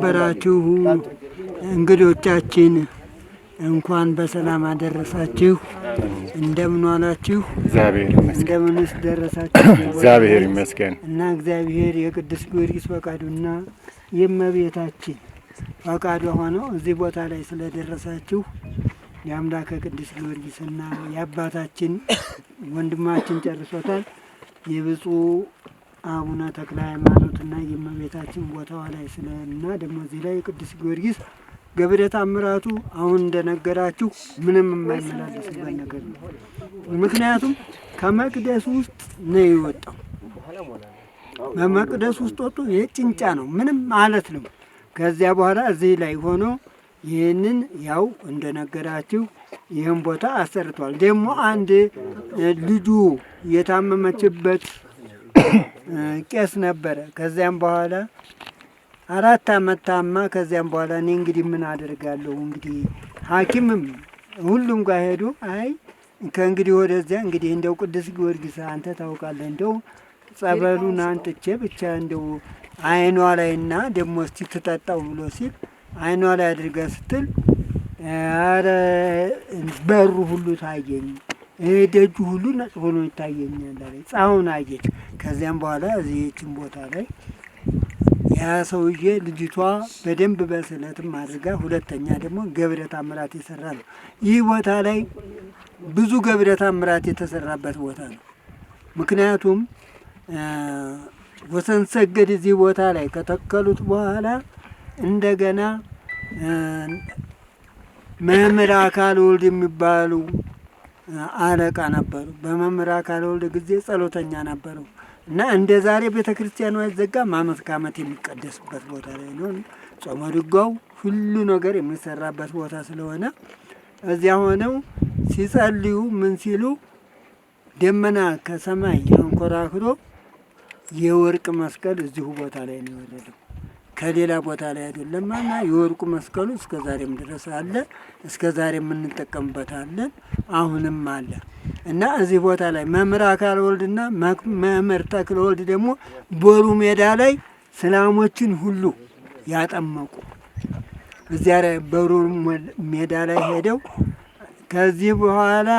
የተከበራችሁ እንግዶቻችን እንኳን በሰላም አደረሳችሁ። እንደምን ዋላችሁ? እግዚአብሔር ይመስገን። እንደምንስ ደረሳችሁ? እግዚአብሔር ይመስገን እና እግዚአብሔር የቅዱስ ጊዮርጊስ ፈቃዱና የእመቤታችን ፈቃዱ ሆነው እዚህ ቦታ ላይ ስለደረሳችሁ የአምላከ ቅዱስ ጊዮርጊስና የአባታችን ወንድማችን ጨርሶታል የብፁዕ አቡነ ተክለ ሃይማኖትና የእመቤታችን ቦታዋ ላይ ስለ እና ደግሞ እዚህ ላይ ቅዱስ ጊዮርጊስ ገብረ ታምራቱ አሁን እንደነገራችሁ ምንም የማይመላለስበት ነገር ነው። ምክንያቱም ከመቅደስ ውስጥ ነው የወጣው። በመቅደስ ውስጥ ወጡ ይህ ጭንጫ ነው፣ ምንም ማለት ነው። ከዚያ በኋላ እዚህ ላይ ሆኖ ይህንን ያው እንደነገራችሁ ይህን ቦታ አሰርቷል። ደግሞ አንድ ልጁ የታመመችበት ቄስ ነበረ። ከዚያም በኋላ አራት አመት ታማ፣ ከዚያም በኋላ እኔ እንግዲህ ምን አደርጋለሁ እንግዲህ ሐኪምም ሁሉም ጋር ሄዱ። አይ ከእንግዲህ ወደዚያ እንግዲህ እንደው ቅዱስ ጊዮርጊስ አንተ ታውቃለህ እንደው ጸበሉን አንጥቼ ብቻ እንደው አይኗ ላይ ላይና ደግሞ እስቲ ትጠጣው ብሎ ሲል አይኗ ላይ አድርገ ስትል አረ በሩ ሁሉ ታየኝ፣ ደጁ ሁሉ ነጽ ሆኖ ይታየኛል አለኝ። አየች። ከዚያም በኋላ እዚህችን ቦታ ላይ ያ ሰውዬ ልጅቷ በደንብ በስለትም አድርጋ ሁለተኛ ደግሞ ገብረ ታምራት የሰራ ነው። ይህ ቦታ ላይ ብዙ ገብረ ታምራት የተሰራበት ቦታ ነው። ምክንያቱም ወሰን ሰገድ እዚህ ቦታ ላይ ከተከሉት በኋላ እንደገና መምህር አካል ወልድ የሚባሉ አለቃ ነበሩ። በመምህር አካለ ወልድ ጊዜ ጸሎተኛ ነበሩ እና እንደ ዛሬ ቤተ ክርስቲያኑ አይዘጋም። አመት ከአመት የሚቀደስበት ቦታ ላይ ነው። ጾመ ድጓው ሁሉ ነገር የሚሰራበት ቦታ ስለሆነ እዚያ ሆነው ሲጸልዩ ምን ሲሉ ደመና ከሰማይ ተንኮራክሮ የወርቅ መስቀል እዚሁ ቦታ ላይ ነው የወረደው። ከሌላ ቦታ ላይ አይደለም እና የወርቁ መስቀሉ እስከ ዛሬም ድረስ አለ። እስከ ዛሬም እንጠቀምበታለን። አሁንም አለ እና እዚህ ቦታ ላይ መምህር አካል ወልድና መምህር ተክለ ወልድ ደግሞ ቦሩ ሜዳ ላይ ስላሞችን ሁሉ ያጠመቁ እዚያ ላይ በሩ ሜዳ ላይ ሄደው ከዚህ በኋላ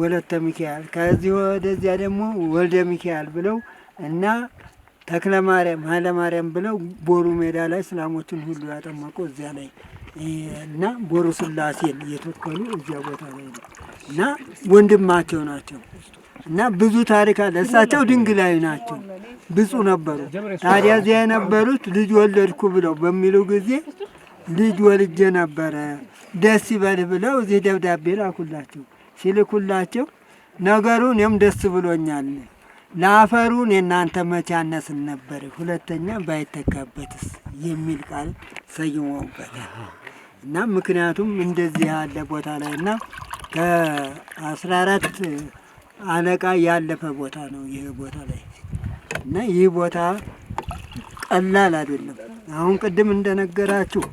ወለተ ሚካኤል ከዚህ ወደዚያ ደግሞ ወልደ ሚካኤል ብለው እና ተክለ ማርያም ሀይለ ማርያም ብለው ቦሩ ሜዳ ላይ እስላሞችን ሁሉ ያጠመቁ እዚያ ላይ እና ቦሩ ስላሴን እየተከሉ እዚያ ቦታ ላይ ነው እና ወንድማቸው ናቸው እና ብዙ ታሪክ አለ። እሳቸው ድንግላዊ ናቸው፣ ብፁ ነበሩ። ታዲያ እዚያ የነበሩት ልጅ ወለድኩ ብለው በሚሉ ጊዜ ልጅ ወልጄ ነበረ ደስ ይበልህ ብለው እዚህ ደብዳቤ ላኩላቸው። ሲልኩላቸው ነገሩ እኔም ደስ ብሎኛል ለአፈሩን የእናንተ መቻነስ ነበር፣ ሁለተኛ ባይተካበትስ የሚል ቃል ሰይመውበታል። እና ምክንያቱም እንደዚህ ያለ ቦታ ላይ እና ከአስራ አራት አለቃ ያለፈ ቦታ ነው ይህ ቦታ ላይ እና ይህ ቦታ ቀላል አይደለም። አሁን ቅድም እንደነገራችሁ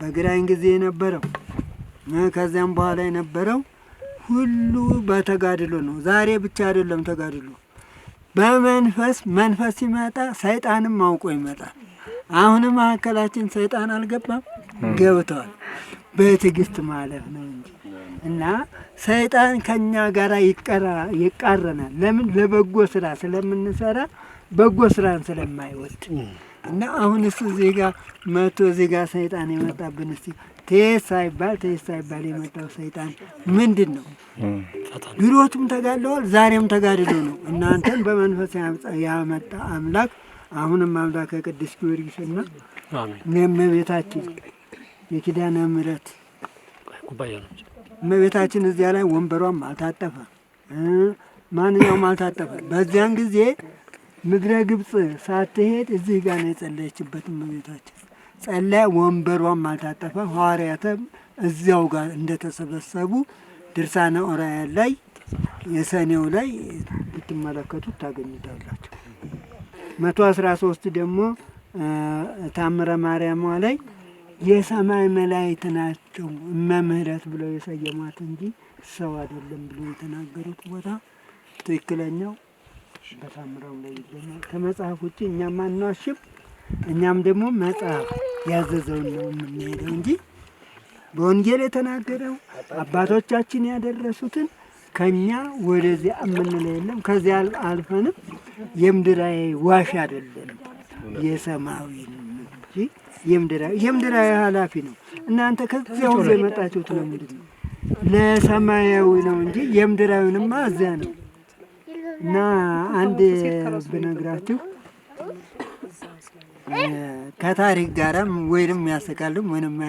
በግራኝ ጊዜ የነበረው ከዚያም በኋላ የነበረው ሁሉ በተጋድሎ ነው። ዛሬ ብቻ አይደለም ተጋድሎ በመንፈስ መንፈስ ሲመጣ ሰይጣንም አውቆ ይመጣል። አሁንም መካከላችን ሰይጣን አልገባም፣ ገብተዋል። በትዕግስት ማለፍ ነው እንጂ እና ሰይጣን ከኛ ጋር ይቃረናል። ለምን? ለበጎ ስራ ስለምንሰራ በጎ ስራን ስለማይወድ እና አሁን እሱ እዚህ ጋር መቶ እዚህ ጋር ሰይጣን የመጣብን እስቲ ቴሳ ይባል ቴሳ ይባል የመጣው ሰይጣን ምንድን ነው? ድሮቱም ተጋድለዋል፣ ዛሬም ተጋድሎ ነው። እናንተን በመንፈስ ያመጣ አምላክ አሁንም አምላክ ቅዱስ ጊዮርጊስና እመቤታችን የኪዳነ ምሕረት እመቤታችን እዚያ ላይ ወንበሯም አልታጠፈ፣ ማንኛውም አልታጠፈ። በዚያን ጊዜ ምድረ ግብፅ ሳትሄድ እዚህ ጋር ነው የጸለየችበት እመቤታችን ጸላይ ወንበሯም ማልታጠፈ ሐዋርያትም እዚያው ጋር እንደተሰበሰቡ ድርሳነ ኦራያን ላይ የሰኔው ላይ ብትመለከቱት ታገኙታላቸው። መቶ አስራ ሶስት ደግሞ ታምረ ማርያሟ ላይ የሰማይ መላእክት ናቸው እመምህረት ብለው የሰየሟት እንጂ ሰው አይደለም ብሎ የተናገሩት ቦታ ትክክለኛው በታምረው ላይ ይገኛል። ከመጽሐፍ ውጭ እኛም አናዋሽም። እኛም ደግሞ መጽሐፍ ያዘዘውን ነው የምንሄደው እንጂ በወንጌል የተናገረው አባቶቻችን ያደረሱትን ከኛ ወደዚያ የምንለው የለም። ከዚያ አልፈንም የምድራዊ ዋሽ አይደለንም፣ የሰማዊ የምድራዊ ኃላፊ ነው። እናንተ ከዚያው የመጣችሁት ለምንድን ነው? ለሰማያዊ ነው እንጂ የምድራዊንማ እዚያ ነው። እና አንድ ብነግራችሁ ከታሪክ ጋርም ወይንም ያስቃልም ወይንም